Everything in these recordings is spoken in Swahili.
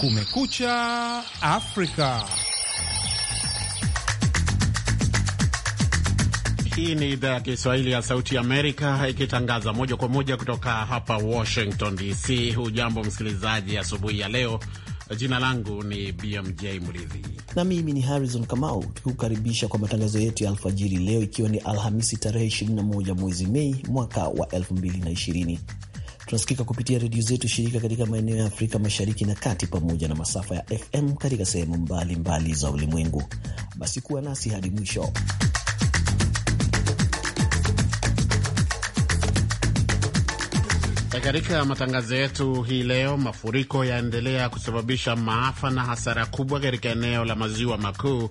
Kumekucha Afrika. Hii ni idhaa ya Kiswahili ya Sauti ya Amerika ikitangaza moja kwa moja kutoka hapa Washington DC. Hujambo msikilizaji, asubuhi ya, ya leo. Jina langu ni BMJ Mridhi na mimi ni Harrison Kamau, tukikukaribisha kwa matangazo yetu ya alfajiri leo, ikiwa ni Alhamisi tarehe 21 mwezi Mei mwaka wa 2020. Tunasikika kupitia redio zetu shirika katika maeneo ya Afrika Mashariki na Kati, pamoja na masafa ya FM katika sehemu mbalimbali za ulimwengu. Basi kuwa nasi hadi mwisho. Katika matangazo yetu hii leo, mafuriko yaendelea kusababisha maafa na hasara kubwa katika eneo la maziwa makuu,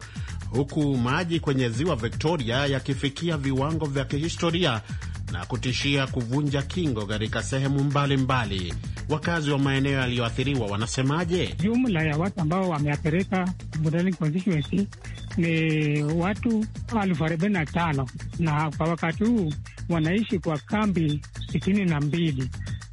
huku maji kwenye ziwa Victoria yakifikia viwango vya kihistoria na kutishia kuvunja kingo katika sehemu mbalimbali. Wakazi wa maeneo yaliyoathiriwa wanasemaje? Jumla ya watu ambao wameathirika Budalangi constituency ni watu elfu arobaini na tano na kwa wakati huu wanaishi kwa kambi sitini na mbili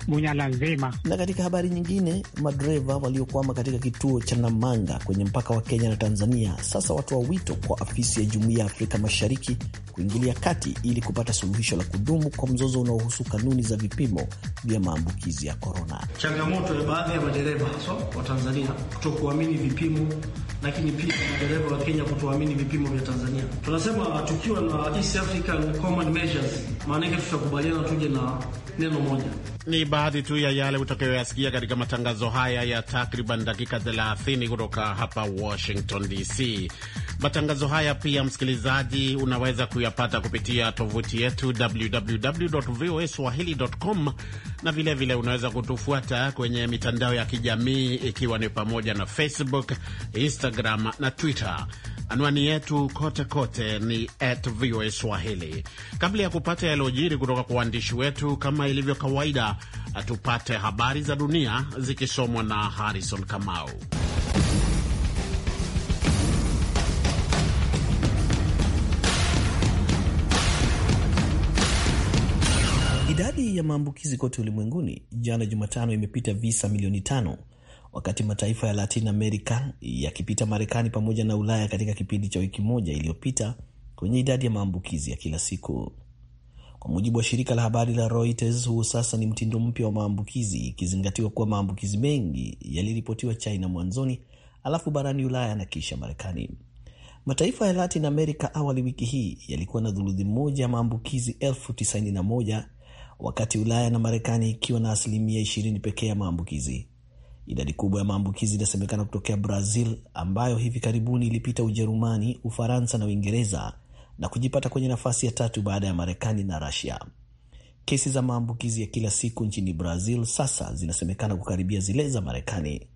Bunyala nzima. Na katika habari nyingine, madereva waliokwama katika kituo cha Namanga kwenye mpaka wa Kenya na Tanzania sasa watoa wito kwa afisi ya Jumuiya ya Afrika Mashariki kuingilia kati ili kupata suluhisho la kudumu kwa mzozo unaohusu kanuni za vipimo vya maambukizi ya korona. Changamoto ya baadhi ya madereva haswa wa Tanzania kutokuamini vipimo, lakini pia madereva wa Kenya kutoamini vipimo vya Tanzania. Tunasema tukiwa na East African Common Measures, maanake tutakubaliana tuje na neno moja. Ni baadhi tu ya yale utakayoyasikia katika matangazo haya ya takriban dakika 30 kutoka hapa Washington DC. Matangazo haya pia, msikilizaji, unaweza ku kuyapata kupitia tovuti yetu www voa swahili.com, na vilevile vile unaweza kutufuata kwenye mitandao ya kijamii ikiwa ni pamoja na Facebook, Instagram na Twitter. Anwani yetu kote kote ni at VOA Swahili. Kabla ya kupata yaliyojiri kutoka kwa waandishi wetu, kama ilivyo kawaida, tupate habari za dunia zikisomwa na Harrison Kamau. ya maambukizi kote ulimwenguni, jana Jumatano imepita visa milioni tano wakati mataifa ya Latin America yakipita Marekani pamoja na Ulaya katika kipindi cha wiki moja iliyopita kwenye idadi ya maambukizi ya kila siku. Kwa mujibu wa shirika la habari la Reuters, huu sasa ni mtindo mpya wa maambukizi, ikizingatiwa kuwa maambukizi mengi yaliripotiwa China mwanzoni, alafu barani Ulaya na kisha Marekani. Mataifa ya Latin America awali wiki hii yalikuwa na dhuluthi moja ya maambukizi elfu tisini na moja wakati Ulaya na Marekani ikiwa na asilimia ishirini pekee ya maambukizi. Idadi kubwa ya maambukizi inasemekana kutokea Brazil ambayo hivi karibuni ilipita Ujerumani, Ufaransa na Uingereza na kujipata kwenye nafasi ya tatu baada ya Marekani na Rusia. Kesi za maambukizi ya kila siku nchini Brazil sasa zinasemekana kukaribia zile za Marekani.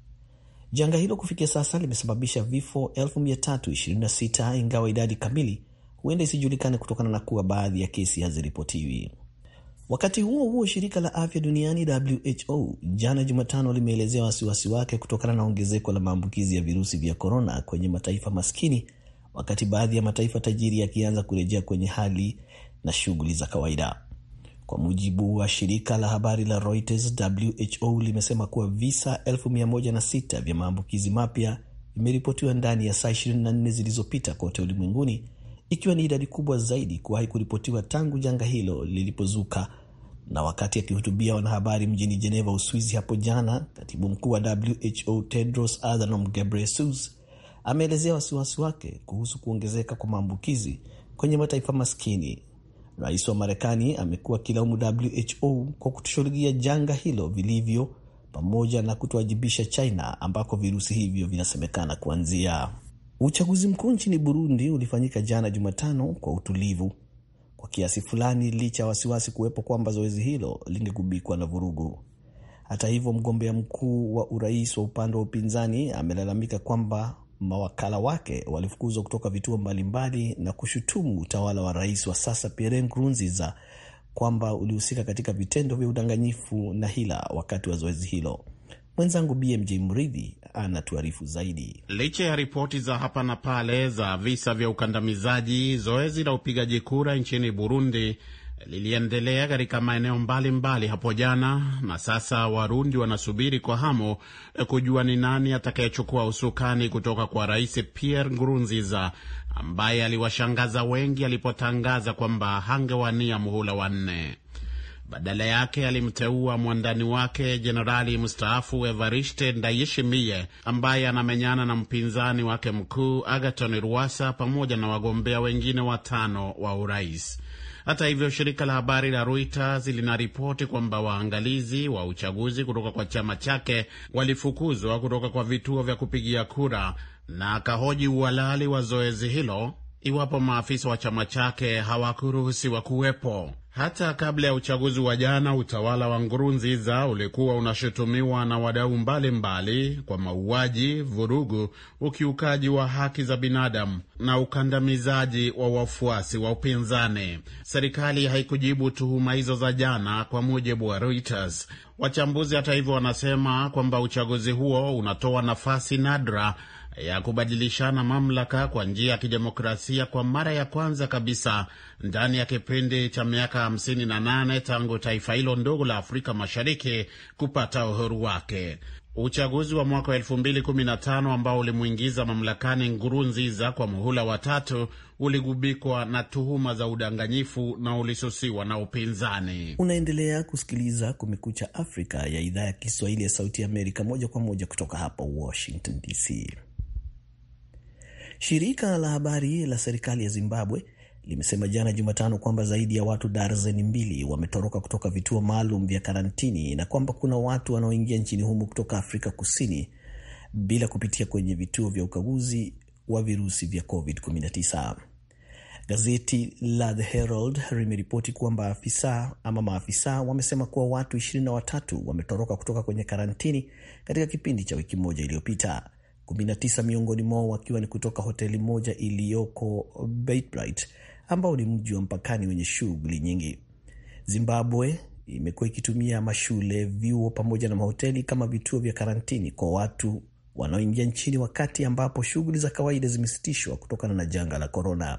Janga hilo kufikia sasa limesababisha vifo 326 ingawa idadi kamili huenda isijulikane kutokana na kuwa baadhi ya kesi haziripotiwi. Wakati huo huo, shirika la afya duniani WHO jana Jumatano limeelezea wasiwasi wake kutokana na ongezeko la maambukizi ya virusi vya korona kwenye mataifa maskini, wakati baadhi ya mataifa tajiri yakianza kurejea kwenye hali na shughuli za kawaida. Kwa mujibu wa shirika la habari la Reuters, WHO limesema kuwa visa 106 vya maambukizi mapya vimeripotiwa ndani ya saa 24 zilizopita kote ulimwenguni ikiwa ni idadi kubwa zaidi kuwahi kuripotiwa tangu janga hilo lilipozuka. Na wakati akihutubia wanahabari mjini Geneva, Uswizi hapo jana, katibu mkuu wa WHO Tedros Adhanom Ghebreyesus ameelezea wasiwasi wake kuhusu kuongezeka kwa maambukizi kwenye mataifa maskini. Rais wa Marekani amekuwa akilaumu WHO kwa kutoshughulikia janga hilo vilivyo, pamoja na kutowajibisha China ambako virusi hivyo vinasemekana kuanzia. Uchaguzi mkuu nchini Burundi ulifanyika jana Jumatano kwa utulivu kwa kiasi fulani, licha ya wasiwasi kuwepo kwamba zoezi hilo lingegubikwa na vurugu. Hata hivyo, mgombea mkuu wa urais wa upande wa upinzani amelalamika kwamba mawakala wake walifukuzwa kutoka vituo mbalimbali na kushutumu utawala wa rais wa sasa Pierre Nkurunziza kwamba ulihusika katika vitendo vya udanganyifu na hila wakati wa zoezi hilo. Mwenzangu BMJ Mridhi anatuarifu zaidi. Licha ya ripoti za hapa na pale za visa vya ukandamizaji, zoezi la upigaji kura nchini Burundi liliendelea katika maeneo mbalimbali hapo jana, na sasa Warundi wanasubiri kwa hamu kujua ni nani atakayechukua usukani kutoka kwa Rais Pierre Nkurunziza ambaye aliwashangaza wengi alipotangaza kwamba hangewania muhula wa nne. Badala yake alimteua mwandani wake jenerali mstaafu Evariste Ndayishimiye ambaye anamenyana na mpinzani wake mkuu agaton ruasa pamoja na wagombea wengine watano wa urais. Hata hivyo, shirika la habari la Reuters linaripoti kwamba waangalizi wa uchaguzi kutoka kwa chama chake walifukuzwa kutoka kwa vituo vya kupigia kura na akahoji uhalali wa zoezi hilo iwapo maafisa wa chama chake hawakuruhusiwa kuwepo. Hata kabla ya uchaguzi wa jana, utawala wa Ngurunziza ulikuwa unashutumiwa na wadau mbalimbali kwa mauaji, vurugu, ukiukaji wa haki za binadamu na ukandamizaji wa wafuasi wa upinzani. Serikali haikujibu tuhuma hizo za jana, kwa mujibu wa Reuters. Wachambuzi hata hivyo wanasema kwamba uchaguzi huo unatoa nafasi nadra ya kubadilishana mamlaka kwa njia ya kidemokrasia kwa mara ya kwanza kabisa ndani ya kipindi cha miaka 58 tangu taifa hilo ndogo la Afrika Mashariki kupata uhuru wake. Uchaguzi wa mwaka wa 2015 ambao ulimwingiza mamlakani nziza kwa muhula wa tatu uligubikwa na tuhuma za udanganyifu na ulisusiwa na upinzani. Unaendelea kusikiliza Kumekucha Afrika ya idhaa ya Kiswahili ya Sauti ya Amerika, moja kwa moja kutoka hapa Washington DC. Shirika la habari la serikali ya Zimbabwe limesema jana Jumatano kwamba zaidi ya watu darzeni mbili wametoroka kutoka vituo maalum vya karantini na kwamba kuna watu wanaoingia nchini humo kutoka Afrika Kusini bila kupitia kwenye vituo vya ukaguzi wa virusi vya COVID-19. Gazeti la The Herald limeripoti kwamba afisa ama maafisa wamesema kuwa watu watatu wametoroka kutoka kwenye karantini katika kipindi cha wiki moja iliyopita. 19 miongoni mwao wakiwa ni kutoka hoteli moja iliyoko Belgrade ambao ni mji wa mpakani wenye shughuli nyingi. Zimbabwe imekuwa ikitumia mashule, vyuo pamoja na mahoteli kama vituo vya karantini kwa watu wanaoingia nchini wakati ambapo shughuli za kawaida zimesitishwa kutokana na janga la korona.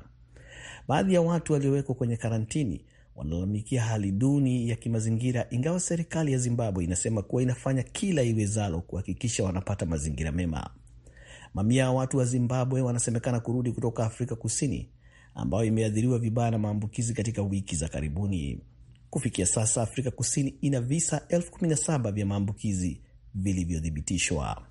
Baadhi ya watu waliowekwa kwenye karantini wanalalamikia hali duni ya kimazingira, ingawa serikali ya Zimbabwe inasema kuwa inafanya kila iwezalo kuhakikisha wanapata mazingira mema. Mamia ya watu wa Zimbabwe wanasemekana kurudi kutoka Afrika Kusini ambayo imeathiriwa vibaya na maambukizi katika wiki za karibuni. Kufikia sasa Afrika Kusini ina visa elfu kumi na saba vya maambukizi vilivyothibitishwa.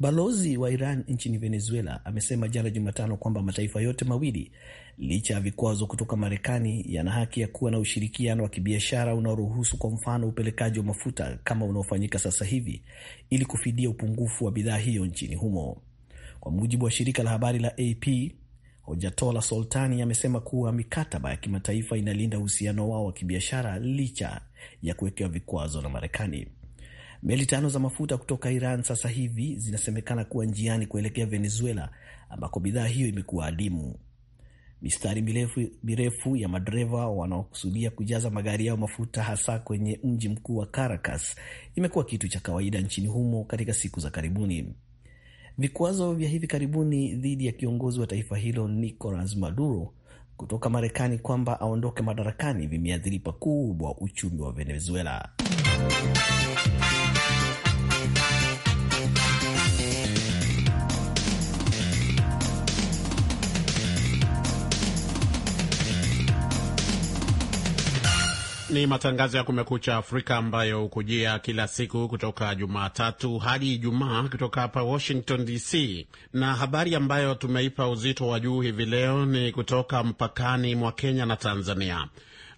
Balozi wa Iran nchini Venezuela amesema jana Jumatano kwamba mataifa yote mawili, licha ya vikwazo kutoka Marekani, yana haki ya kuwa na ushirikiano wa kibiashara unaoruhusu kwa mfano upelekaji wa mafuta kama unaofanyika sasa hivi ili kufidia upungufu wa bidhaa hiyo nchini humo. Kwa mujibu wa shirika la habari la AP, Hojatola Soltani amesema kuwa mikataba ya kimataifa inalinda uhusiano wao wa kibiashara licha ya kuwekewa vikwazo na Marekani. Meli tano za mafuta kutoka Iran sasa hivi zinasemekana kuwa njiani kuelekea Venezuela, ambako bidhaa hiyo imekuwa adimu. Mistari mirefu, mirefu ya madereva wanaokusudia kujaza magari yao mafuta hasa kwenye mji mkuu wa Caracas imekuwa kitu cha kawaida nchini humo katika siku za karibuni. Vikwazo vya hivi karibuni dhidi ya kiongozi wa taifa hilo Nicolas Maduro kutoka Marekani kwamba aondoke madarakani vimeathiri pakubwa uchumi wa Venezuela. Ni matangazo ya Kumekucha Afrika ambayo hukujia kila siku kutoka Jumatatu hadi Ijumaa kutoka hapa Washington DC, na habari ambayo tumeipa uzito wa juu hivi leo ni kutoka mpakani mwa Kenya na Tanzania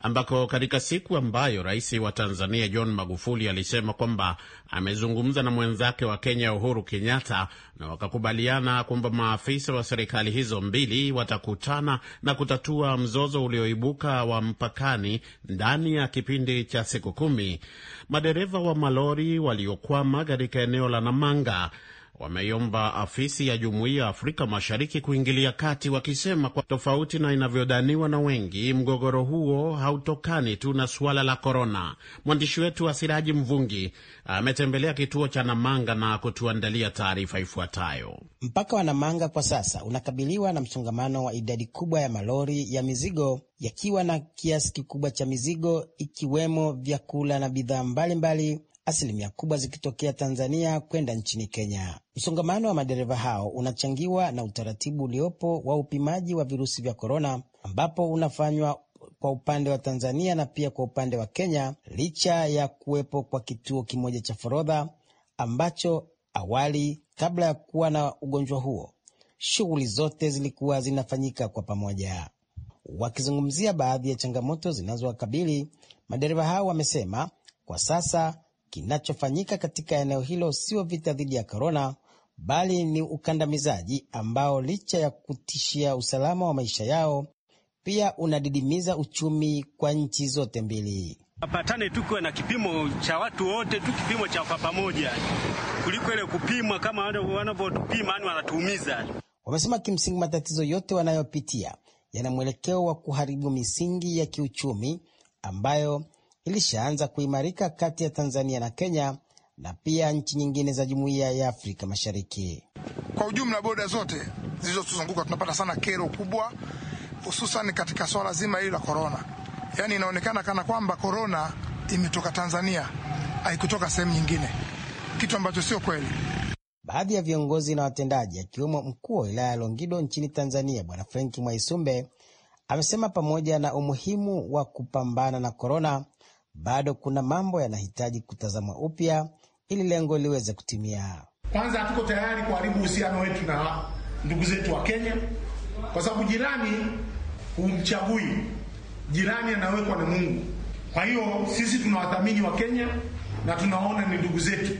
ambako katika siku ambayo rais wa Tanzania John Magufuli alisema kwamba amezungumza na mwenzake wa Kenya Uhuru Kenyatta na wakakubaliana kwamba maafisa wa serikali hizo mbili watakutana na kutatua mzozo ulioibuka wa mpakani ndani ya kipindi cha siku kumi. Madereva wa malori waliokwama katika eneo la Namanga wameiomba afisi ya Jumuiya ya Afrika Mashariki kuingilia kati, wakisema kwa tofauti na inavyodhaniwa na wengi, mgogoro huo hautokani tu na suala la korona. Mwandishi wetu Asiraji Mvungi ametembelea kituo cha Namanga na kutuandalia taarifa ifuatayo. Mpaka wa Namanga kwa sasa unakabiliwa na msongamano wa idadi kubwa ya malori ya mizigo yakiwa na kiasi kikubwa cha mizigo ikiwemo vyakula na bidhaa mbalimbali asilimia kubwa zikitokea Tanzania kwenda nchini Kenya. Msongamano wa madereva hao unachangiwa na utaratibu uliopo wa upimaji wa virusi vya korona, ambapo unafanywa kwa upande wa Tanzania na pia kwa upande wa Kenya, licha ya kuwepo kwa kituo kimoja cha forodha ambacho awali, kabla ya kuwa na ugonjwa huo, shughuli zote zilikuwa zinafanyika kwa pamoja. Wakizungumzia baadhi ya changamoto zinazowakabili madereva hao, wamesema kwa sasa kinachofanyika katika eneo hilo sio vita dhidi ya korona, bali ni ukandamizaji ambao licha ya kutishia usalama wa maisha yao pia unadidimiza uchumi kwa nchi zote mbili. Apatane tukiwe na kipimo cha watu wote tu, kipimo cha kwa pamoja, kuliko ile kupimwa kama wanavyotupima, yani wanatuumiza. Wamesema kimsingi matatizo yote wanayopitia yana mwelekeo wa kuharibu misingi ya kiuchumi ambayo ilishaanza kuimarika kati ya Tanzania na Kenya na pia nchi nyingine za jumuiya ya Afrika Mashariki. Kwa ujumla, boda zote zilizotuzunguka tunapata sana kero kubwa, hususan katika swala zima hili la korona. Yaani inaonekana kana kwamba korona imetoka Tanzania, haikutoka sehemu nyingine, kitu ambacho sio kweli. Baadhi ya viongozi na watendaji akiwemo mkuu wa wilaya ya Longido nchini Tanzania, Bwana Frenki Mwaisumbe amesema pamoja na umuhimu wa kupambana na korona bado kuna mambo yanahitaji kutazamwa upya ili lengo liweze kutimia. Kwanza, hatuko tayari kuharibu uhusiano wetu na ndugu zetu wa Kenya kwa sababu jirani humchagui, jirani anawekwa na Mungu. Kwa hiyo sisi tunawathamini wa Kenya na tunaona ni ndugu zetu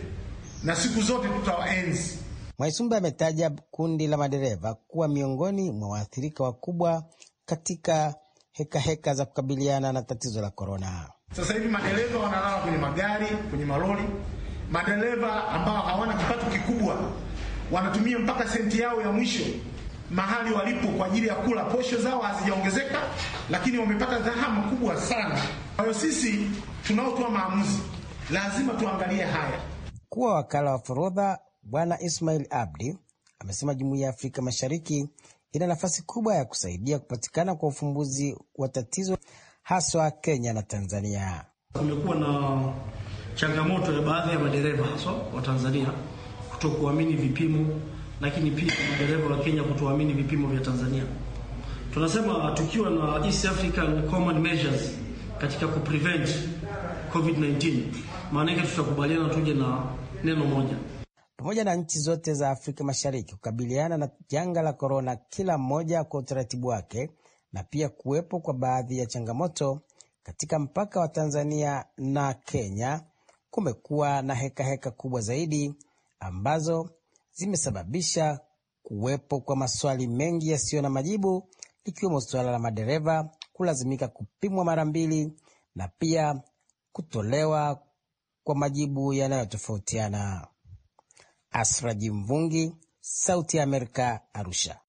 na siku zote tutawaenzi. Mwaisumbe ametaja kundi la madereva kuwa miongoni mwa waathirika wakubwa katika hekaheka heka za kukabiliana na tatizo la korona. Sasa hivi madereva wanalala kwenye magari, kwenye maloli Madereva ambao hawana kipato kikubwa wanatumia mpaka senti yao ya mwisho mahali walipo kwa ajili ya kula. Posho zao hazijaongezeka, lakini wamepata dhahama kubwa sana. Kwa hiyo sisi tunaotoa maamuzi lazima tuangalie haya. Kuwa wakala wa forodha Bwana Ismail Abdi amesema jumuiya ya Afrika Mashariki ina nafasi kubwa ya kusaidia kupatikana kwa ufumbuzi wa tatizo haswa Kenya na Tanzania. Kumekuwa na changamoto ya baadhi ya madereva haswa wa Tanzania kutokuamini vipimo, lakini pia madereva wa Kenya kutoamini vipimo vya Tanzania. Tunasema tukiwa na East African Common Measures katika kuprevent COVID-19, maana yake tutakubaliana tuje na neno moja pamoja na nchi zote za Afrika Mashariki kukabiliana na janga la korona, kila mmoja kwa utaratibu wake na pia kuwepo kwa baadhi ya changamoto katika mpaka wa Tanzania na Kenya. Kumekuwa na hekaheka heka kubwa zaidi ambazo zimesababisha kuwepo kwa maswali mengi yasiyo na majibu likiwemo suala la madereva kulazimika kupimwa mara mbili na pia kutolewa kwa majibu yanayotofautiana. Asraji Mvungi, Sauti ya Amerika, Arusha.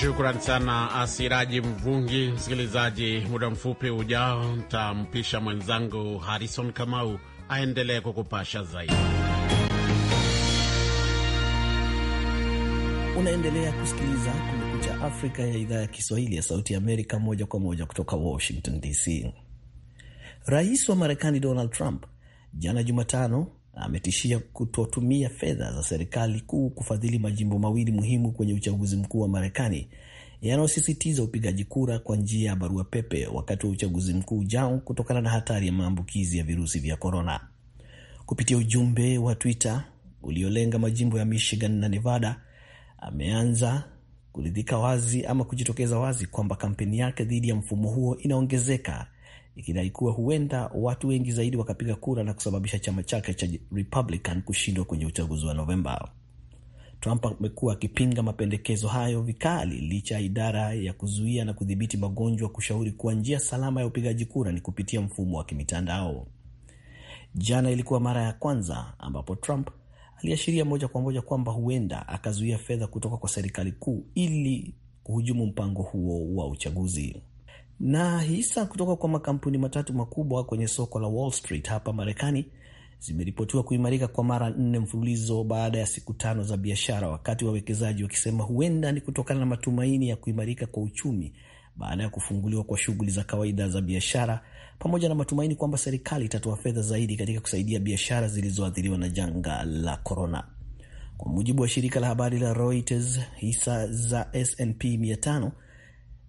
Shukran sana Asiraji Mvungi. Msikilizaji, muda mfupi ujao ntampisha mwenzangu harison Kamau aendelee kukupasha zaidi. Unaendelea kusikiliza Kumekucha Afrika ya idhaa ya Kiswahili ya Sauti Amerika, moja kwa moja kutoka Washington DC. Rais wa Marekani Donald Trump jana Jumatano na ametishia kutotumia fedha za serikali kuu kufadhili majimbo mawili muhimu kwenye uchaguzi mkuu wa Marekani yanayosisitiza upigaji kura kwa njia ya barua pepe wakati wa uchaguzi mkuu ujao kutokana na hatari ya maambukizi ya virusi vya korona. Kupitia ujumbe wa Twitter uliolenga majimbo ya Michigan na Nevada, ameanza kuridhika wazi ama kujitokeza wazi kwamba kampeni yake dhidi ya mfumo huo inaongezeka ikidai kuwa huenda watu wengi zaidi wakapiga kura na kusababisha chama chake cha Republican kushindwa kwenye uchaguzi wa Novemba. Trump amekuwa akipinga mapendekezo hayo vikali licha ya idara ya kuzuia na kudhibiti magonjwa kushauri kuwa njia salama ya upigaji kura ni kupitia mfumo wa kimitandao. Jana ilikuwa mara ya kwanza ambapo Trump aliashiria moja kwa moja kwamba huenda akazuia fedha kutoka kwa serikali kuu ili kuhujumu mpango huo wa uchaguzi na hisa kutoka kwa makampuni matatu makubwa kwenye soko la Wall Street hapa Marekani zimeripotiwa kuimarika kwa mara nne mfululizo baada ya siku tano za biashara, wakati wawekezaji wakisema huenda ni kutokana na matumaini ya kuimarika kwa uchumi baada ya kufunguliwa kwa shughuli za kawaida za biashara, pamoja na matumaini kwamba serikali itatoa fedha zaidi katika kusaidia biashara zilizoathiriwa na janga la korona. Kwa mujibu wa shirika la habari la Reuters, hisa za S&P 500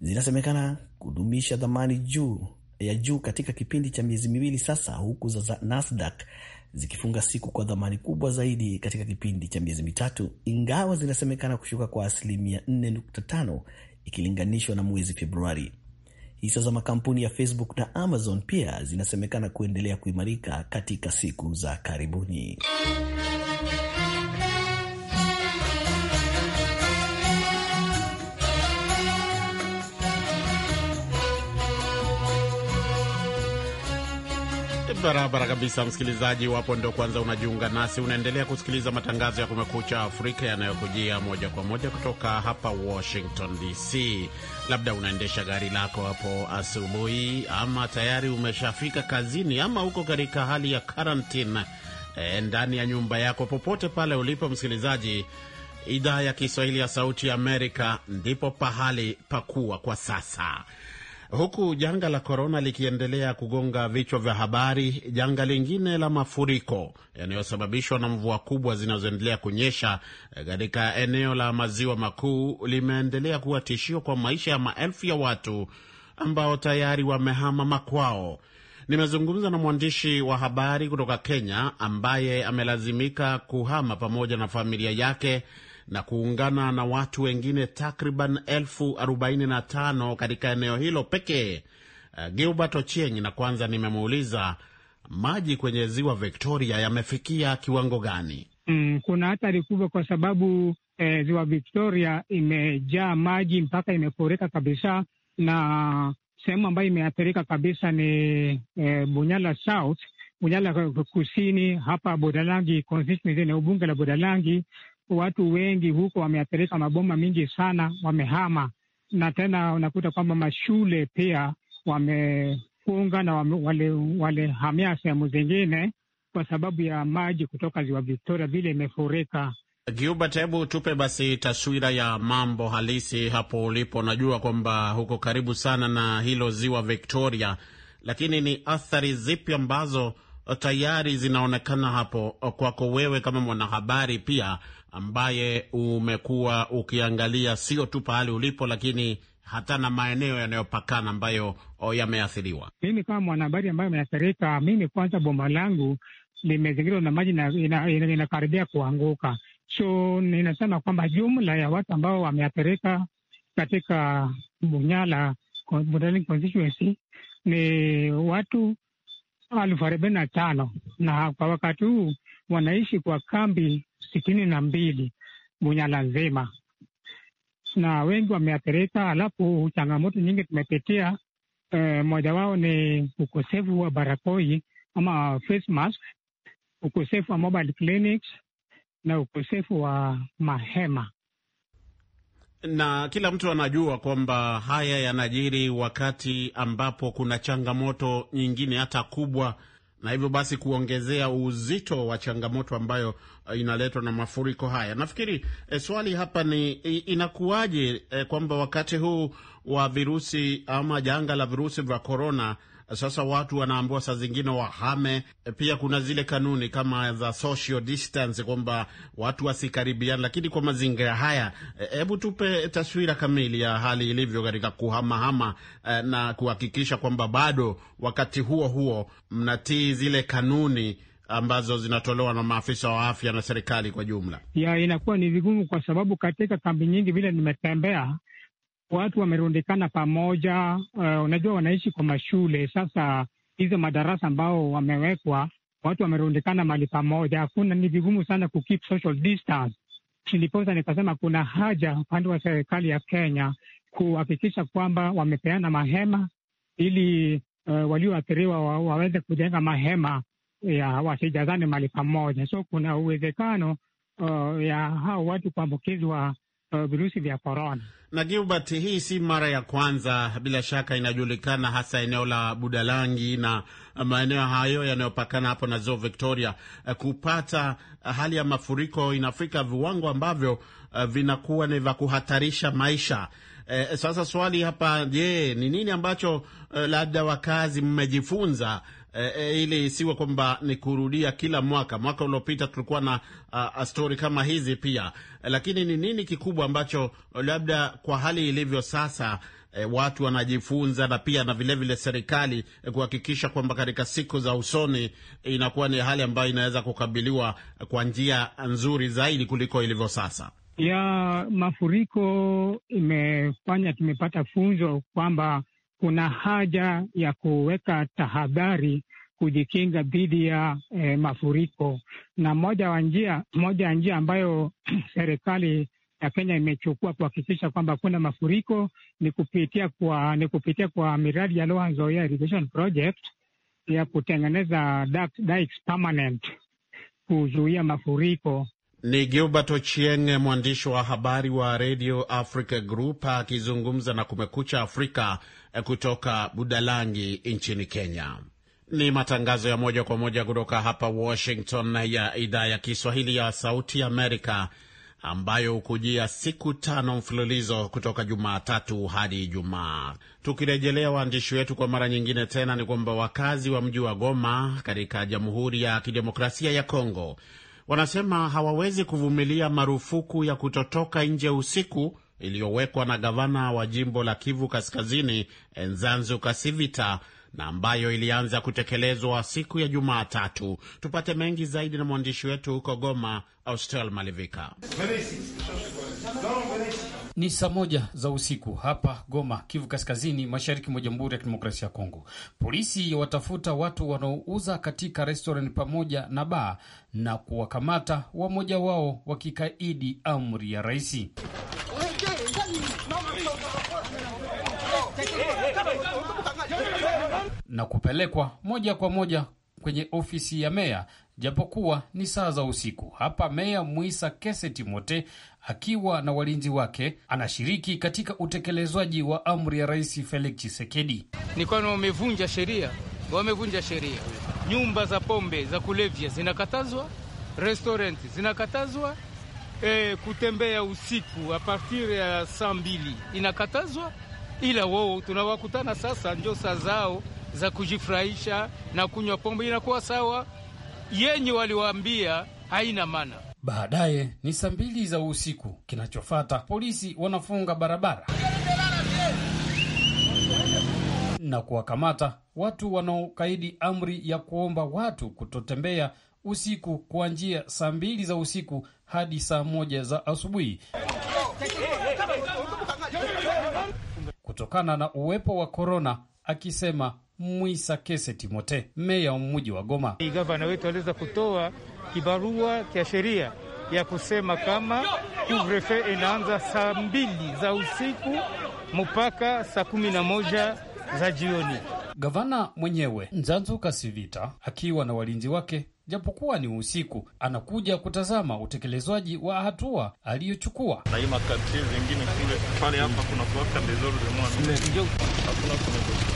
zinasemekana kudumisha thamani juu ya juu katika kipindi cha miezi miwili sasa, huku za Nasdaq zikifunga siku kwa dhamani kubwa zaidi katika kipindi cha miezi mitatu, ingawa zinasemekana kushuka kwa asilimia 4.5 ikilinganishwa na mwezi Februari. Hisa za makampuni ya Facebook na Amazon pia zinasemekana kuendelea kuimarika katika siku za karibuni. Barabara kabisa, msikilizaji wapo ndo kwanza unajiunga nasi, unaendelea kusikiliza matangazo ya Kumekucha Afrika yanayokujia moja kwa moja kutoka hapa Washington DC. Labda unaendesha gari lako hapo asubuhi, ama tayari umeshafika kazini, ama uko katika hali ya karantina e, ndani ya nyumba yako. Popote pale ulipo, msikilizaji, idhaa ya Kiswahili ya Sauti ya Amerika ndipo pahali pakuwa kwa sasa Huku janga la korona likiendelea kugonga vichwa vya habari, janga lingine la mafuriko yanayosababishwa na mvua kubwa zinazoendelea kunyesha katika eneo la maziwa makuu limeendelea kuwa tishio kwa maisha ya maelfu ya watu ambao tayari wamehama makwao. Nimezungumza na mwandishi wa habari kutoka Kenya ambaye amelazimika kuhama pamoja na familia yake na kuungana na watu wengine takriban elfu arobaini na tano katika eneo hilo pekee. Eh, Gilbert Ochieng, na kwanza nimemuuliza maji kwenye ziwa Victoria yamefikia kiwango gani? Mm, kuna hatari kubwa kwa sababu eh, ziwa Victoria imejaa maji mpaka imefurika kabisa, na sehemu ambayo imeathirika kabisa ni eh, Bunyala South Bunyala kusini hapa Bodalangi constituency na ubunge la Bodalangi watu wengi huko wameathirika, maboma mingi sana wamehama, na tena unakuta kwamba mashule pia wamefunga na walihamia wale sehemu zingine kwa sababu ya maji kutoka ziwa Victoria vile imefurika. Gilbert, hebu tupe basi taswira ya mambo halisi hapo ulipo. Najua kwamba huko karibu sana na hilo ziwa Victoria, lakini ni athari zipi ambazo tayari zinaonekana hapo kwako wewe kama mwanahabari pia ambaye umekuwa ukiangalia sio tu pahali ulipo, lakini hata na maeneo yanayopakana ambayo yameathiriwa. Mimi kama mwanahabari ambayo ameathirika mimi kwanza, boma langu limezingirwa na maji inakaribia kuanguka, so ninasema kwamba jumla ya watu ambao wameathirika katika Bunyala constituency ni watu elfu arobaini na tano na kwa wakati huu wanaishi kwa kambi sitini na mbili Bunyala nzima, na wengi wameathirika. Alafu changamoto nyingi tumepitia, e, eh, mmoja wao ni ukosefu wa barakoi ama face mask, ukosefu wa mobile clinics na ukosefu wa mahema na kila mtu anajua kwamba haya yanajiri wakati ambapo kuna changamoto nyingine hata kubwa na hivyo basi kuongezea uzito wa changamoto ambayo eh, inaletwa na mafuriko haya. Nafikiri e, swali hapa ni inakuwaje e, kwamba wakati huu wa virusi ama janga la virusi vya korona sasa watu wanaambiwa saa zingine wahame. E, pia kuna zile kanuni kama za social distance kwamba watu wasikaribiane, lakini kwa mazingira haya, e, hebu tupe taswira kamili ya hali ilivyo katika kuhamahama e, na kuhakikisha kwamba bado wakati huo huo mnatii zile kanuni ambazo zinatolewa na maafisa wa afya na serikali kwa jumla. Ya, inakuwa ni vigumu kwa sababu katika kambi nyingi vile nimetembea watu wamerundikana pamoja. Uh, unajua wanaishi kwa mashule. Sasa hizo madarasa ambao wamewekwa, watu wamerundikana mahali pamoja, hakuna, ni vigumu sana ku keep social distance. Nilipoza nikasema kuna haja upande wa serikali ya Kenya kuhakikisha kwamba wamepeana mahema ili uh, walioathiriwa wa, waweze kujenga mahema ya wasijazane mahali pamoja. So kuna uwezekano uh, ya hao watu kuambukizwa uh, virusi vya korona. Na Gilbert, hii si mara ya kwanza, bila shaka inajulikana hasa eneo la Budalangi na maeneo hayo yanayopakana hapo na Ziwa Victoria eh, kupata hali ya mafuriko inafika viwango ambavyo uh, vinakuwa ni vya kuhatarisha maisha. Uh, sasa swali hapa, je, ni nini ambacho uh, labda wakazi mmejifunza e, e, ili isiwe kwamba ni kurudia kila mwaka. Mwaka uliopita tulikuwa na a ah, ah, stori kama hizi pia, lakini ni nini kikubwa ambacho eh, labda kwa hali ilivyo sasa E, watu wanajifunza na pia na vilevile vile serikali e, kuhakikisha kwamba katika siku za usoni inakuwa ni hali ambayo inaweza kukabiliwa kwa njia nzuri zaidi kuliko ilivyo sasa. Ya mafuriko imefanya tumepata funzo kwamba kuna haja ya kuweka tahadhari kujikinga dhidi ya e, mafuriko na moja wa njia moja ya njia ambayo serikali ya Kenya imechukua kuhakikisha kwamba kuna mafuriko ni kupitia kwa ni kupitia kwa miradi ya Lower Nzoia Irrigation Project ya kutengeneza dikes permanent kuzuia mafuriko ni Gilbert Ochieng, mwandishi wa habari wa Radio Africa Group akizungumza na Kumekucha Afrika kutoka Budalangi nchini Kenya. Ni matangazo ya moja kwa moja kutoka hapa Washington ya idhaa ya Kiswahili ya Sauti Amerika ambayo hukujia siku tano mfululizo kutoka Jumatatu hadi Ijumaa. Tukirejelea waandishi wetu kwa mara nyingine tena, ni kwamba wakazi wa mji wa Goma katika Jamhuri ya Kidemokrasia ya Kongo wanasema hawawezi kuvumilia marufuku ya kutotoka nje usiku iliyowekwa na gavana wa jimbo la Kivu Kaskazini Enzanzu Kasivita na ambayo ilianza kutekelezwa siku ya Jumatatu. Tupate mengi zaidi na mwandishi wetu huko Goma, Austel Malivika. Merisi. Ni saa moja za usiku hapa Goma, Kivu Kaskazini, mashariki mwa Jamhuri ya Kidemokrasia ya Kongo. Polisi watafuta watu wanaouza katika restoran pamoja na baa na kuwakamata wamoja wao wakikaidi amri ya raisi. na kupelekwa moja kwa moja kwenye ofisi ya meya japokuwa ni saa za usiku. Hapa Meya Mwisa Kese Timote akiwa na walinzi wake anashiriki katika utekelezwaji wa amri ya Rais Felix Chisekedi. Ni kwani wamevunja sheria, wamevunja sheria. Nyumba za pombe za kulevya zinakatazwa, restaurant zinakatazwa, e, kutembea usiku a partir ya saa mbili inakatazwa, ila wao tunawakutana sasa, njo saa zao za kujifurahisha na kunywa pombe, inakuwa sawa yenye waliwaambia haina maana. Baadaye ni saa mbili za usiku, kinachofata polisi wanafunga barabara na kuwakamata watu wanaokaidi amri ya kuomba watu kutotembea usiku kuanzia saa mbili za usiku hadi saa moja za asubuhi kutokana na uwepo wa korona, akisema Kese Timote, meya wa mji wa Goma. Gavana wetu aliweza kutoa kibarua cha sheria ya kusema kama kuvrefe inaanza saa mbili za usiku mpaka saa kumi na moja za jioni. Gavana mwenyewe Nzanzu Kasivita akiwa na walinzi wake, japokuwa ni usiku, anakuja kutazama utekelezwaji wa hatua aliyochukua. Na hii zingine kule pale, hapa kuna kuwaka hakuna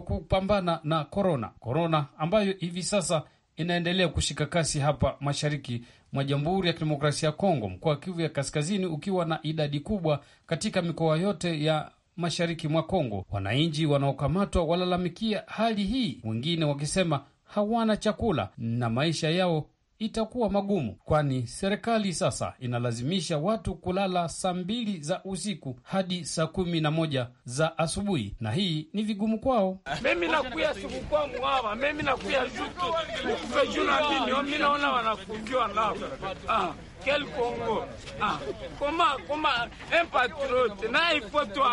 kwa kupambana na korona, korona ambayo hivi sasa inaendelea kushika kasi hapa mashariki mwa Jamhuri ya Kidemokrasia ya Kongo, mkoa wa Kivu ya Kaskazini ukiwa na idadi kubwa katika mikoa yote ya mashariki mwa Kongo. Wananchi wanaokamatwa walalamikia hali hii, wengine wakisema hawana chakula na maisha yao itakuwa magumu, kwani serikali sasa inalazimisha watu kulala saa mbili za usiku hadi saa kumi na moja za asubuhi, na hii ni vigumu kwao. mimi nakuya siku kwa mwawa mimi nakuya mimi nao ah quel Congo? Ah, comment, comment un patriote ifoto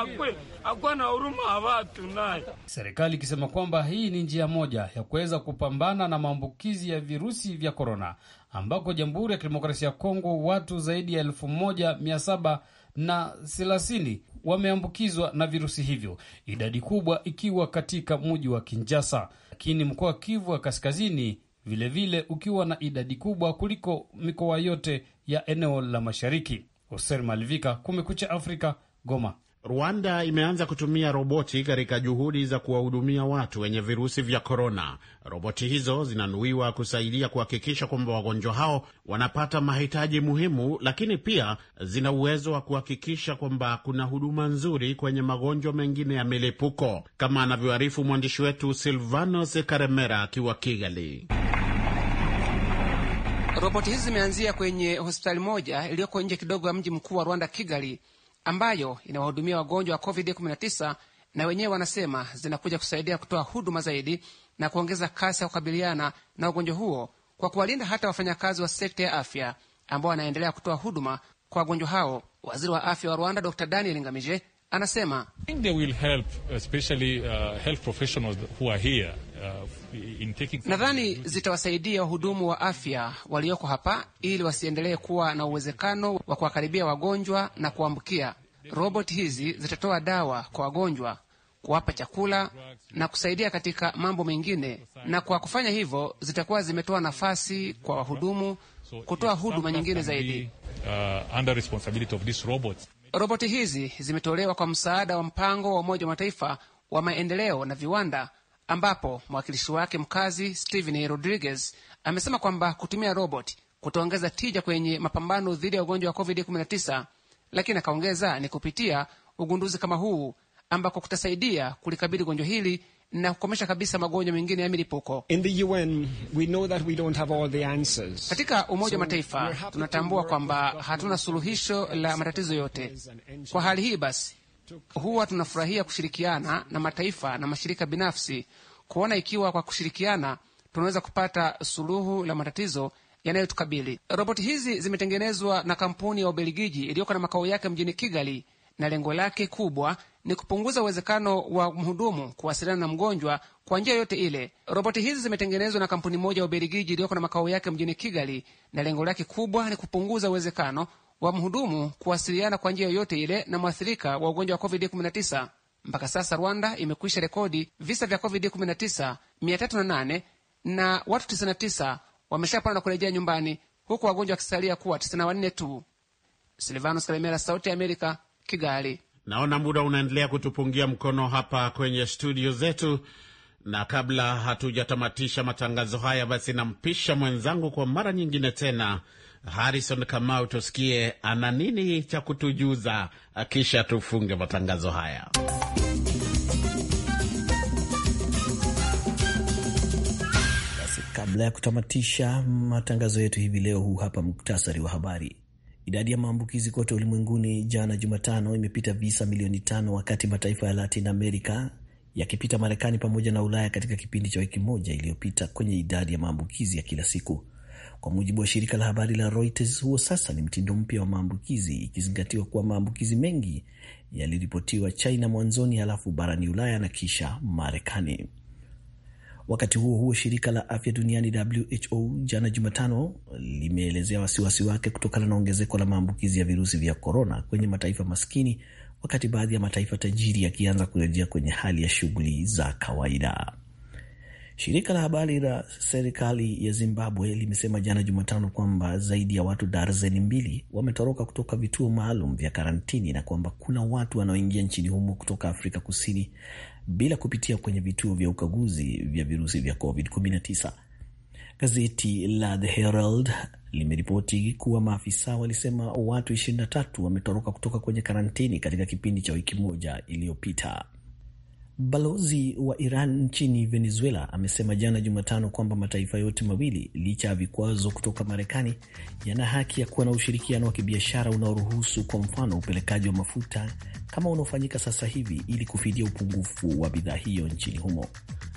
akwe na huruma watu naye. Serikali ikisema kwamba hii ni njia moja ya kuweza kupambana na maambukizi ya virusi vya korona, ambako Jamhuri ya Kidemokrasia ya Kongo watu zaidi ya elfu moja mia saba na thelathini wameambukizwa na virusi hivyo, idadi kubwa ikiwa katika mji wa Kinjasa, lakini mkoa wa Kivu wa Kaskazini vilevile vile ukiwa na idadi kubwa kuliko mikoa yote ya eneo la mashariki. Hoser Malivika, Kumekucha Afrika, Goma. Rwanda imeanza kutumia roboti katika juhudi za kuwahudumia watu wenye virusi vya korona. Roboti hizo zinanuiwa kusaidia kuhakikisha kwamba wagonjwa hao wanapata mahitaji muhimu, lakini pia zina uwezo wa kuhakikisha kwamba kuna huduma nzuri kwenye magonjwa mengine ya milipuko, kama anavyoarifu mwandishi wetu Silvanos Karemera akiwa Kigali. Ripoti hizi zimeanzia kwenye hospitali moja iliyoko nje kidogo ya mji mkuu wa Rwanda, Kigali, ambayo inawahudumia wagonjwa wa COVID-19 na wenyewe wanasema zinakuja kusaidia kutoa huduma zaidi na kuongeza kasi ya kukabiliana na ugonjwa huo kwa kuwalinda hata wafanyakazi wa sekta ya afya ambao wanaendelea kutoa huduma kwa wagonjwa hao. Waziri wa afya wa Rwanda Dr Daniel Ngamije Anasema uh, uh, nadhani zitawasaidia wahudumu wa afya walioko hapa ili wasiendelee kuwa na uwezekano wa kuwakaribia wagonjwa na kuambukia. Roboti hizi zitatoa dawa kwa wagonjwa, kuwapa chakula na kusaidia katika mambo mengine, na kwa kufanya hivyo zitakuwa zimetoa nafasi kwa wahudumu kutoa huduma nyingine zaidi. Uh, under responsibility of Roboti hizi zimetolewa kwa msaada wa mpango wa Umoja wa Mataifa wa maendeleo na viwanda, ambapo mwakilishi wake mkazi Steven Rodriguez amesema kwamba kutumia roboti kutaongeza tija kwenye mapambano dhidi ya ugonjwa wa COVID-19, lakini akaongeza ni kupitia ugunduzi kama huu ambako kutasaidia kulikabili gonjwa hili na kukomesha kabisa magonjwa mengine ya milipuko. Katika Umoja wa Mataifa tunatambua kwamba hatuna suluhisho la matatizo yote. Kwa hali hii basi, huwa tunafurahia kushirikiana na mataifa na mashirika binafsi kuona ikiwa kwa kushirikiana tunaweza kupata suluhu la matatizo yanayotukabili. Roboti hizi zimetengenezwa na kampuni ya Ubelgiji iliyoko na makao yake mjini Kigali na lengo lake kubwa ni kupunguza uwezekano wa mhudumu kuwasiliana na mgonjwa kwa njia yote ile. Roboti hizi zimetengenezwa na kampuni moja ya Ubelgiji iliyoko na makao yake mjini Kigali, na lengo lake kubwa ni kupunguza uwezekano wa mhudumu kuwasiliana kwa njia yoyote ile na mwathirika wa ugonjwa wa COVID-19. Mpaka sasa Rwanda imekwisha rekodi visa vya COVID-19 308 na watu 99 wameshapona na kurejea nyumbani, huku wagonjwa wakisalia kuwa 94 tu. Silvanos Kalemera, Sauti ya Amerika, Kigali. Naona muda unaendelea kutupungia mkono hapa kwenye studio zetu, na kabla hatujatamatisha matangazo haya, basi nampisha mwenzangu kwa mara nyingine tena Harrison Kamau, tusikie ana nini cha kutujuza, kisha tufunge matangazo haya. Basi kabla ya kutamatisha matangazo yetu hivi leo, huu hapa muktasari wa habari. Idadi ya maambukizi kote ulimwenguni jana Jumatano imepita visa milioni tano, wakati mataifa ya Latin America yakipita Marekani pamoja na Ulaya katika kipindi cha wiki moja iliyopita kwenye idadi ya maambukizi ya kila siku, kwa mujibu wa shirika la habari la Reuters. Huo sasa ni mtindo mpya wa maambukizi, ikizingatiwa kuwa maambukizi mengi yaliripotiwa China mwanzoni, halafu barani Ulaya na kisha Marekani. Wakati huo huo, shirika la afya duniani WHO jana Jumatano limeelezea wasiwasi wake kutokana na ongezeko la maambukizi ya virusi vya korona kwenye mataifa maskini, wakati baadhi ya mataifa tajiri yakianza kurejea kwenye hali ya shughuli za kawaida. Shirika la habari la serikali ya Zimbabwe limesema jana Jumatano kwamba zaidi ya watu darzeni mbili wametoroka kutoka vituo maalum vya karantini na kwamba kuna watu wanaoingia nchini humo kutoka Afrika Kusini bila kupitia kwenye vituo vya ukaguzi vya virusi vya COVID-19. Gazeti la The Herald limeripoti kuwa maafisa walisema watu 23 wametoroka kutoka kwenye karantini katika kipindi cha wiki moja iliyopita. Balozi wa Iran nchini Venezuela amesema jana Jumatano kwamba mataifa yote mawili, licha ya vikwazo kutoka Marekani, yana haki ya kuwa na ushirikiano wa kibiashara unaoruhusu kwa mfano upelekaji wa mafuta kama unaofanyika sasa hivi ili kufidia upungufu wa bidhaa hiyo nchini humo.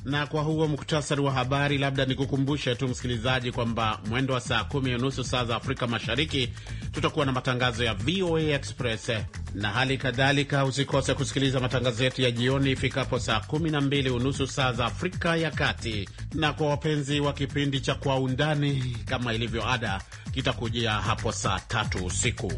Na kwa huo muktasari wa habari, labda nikukumbushe tu msikilizaji kwamba mwendo wa saa kumi unusu saa za Afrika Mashariki tutakuwa na matangazo ya VOA Express na hali kadhalika usikose kusikiliza matangazo yetu ya jioni ifikapo saa kumi na mbili unusu saa za Afrika ya Kati. Na kwa wapenzi wa kipindi cha Kwa Undani, kama ilivyo ada, kitakujia hapo saa tatu usiku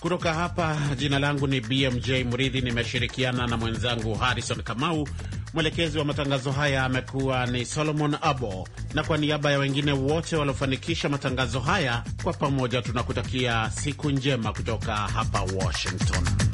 kutoka hapa. Jina langu ni BMJ Mridhi, nimeshirikiana na mwenzangu Harrison Kamau. Mwelekezi wa matangazo haya amekuwa ni Solomon Abo, na kwa niaba ya wengine wote waliofanikisha matangazo haya, kwa pamoja tunakutakia siku njema kutoka hapa Washington.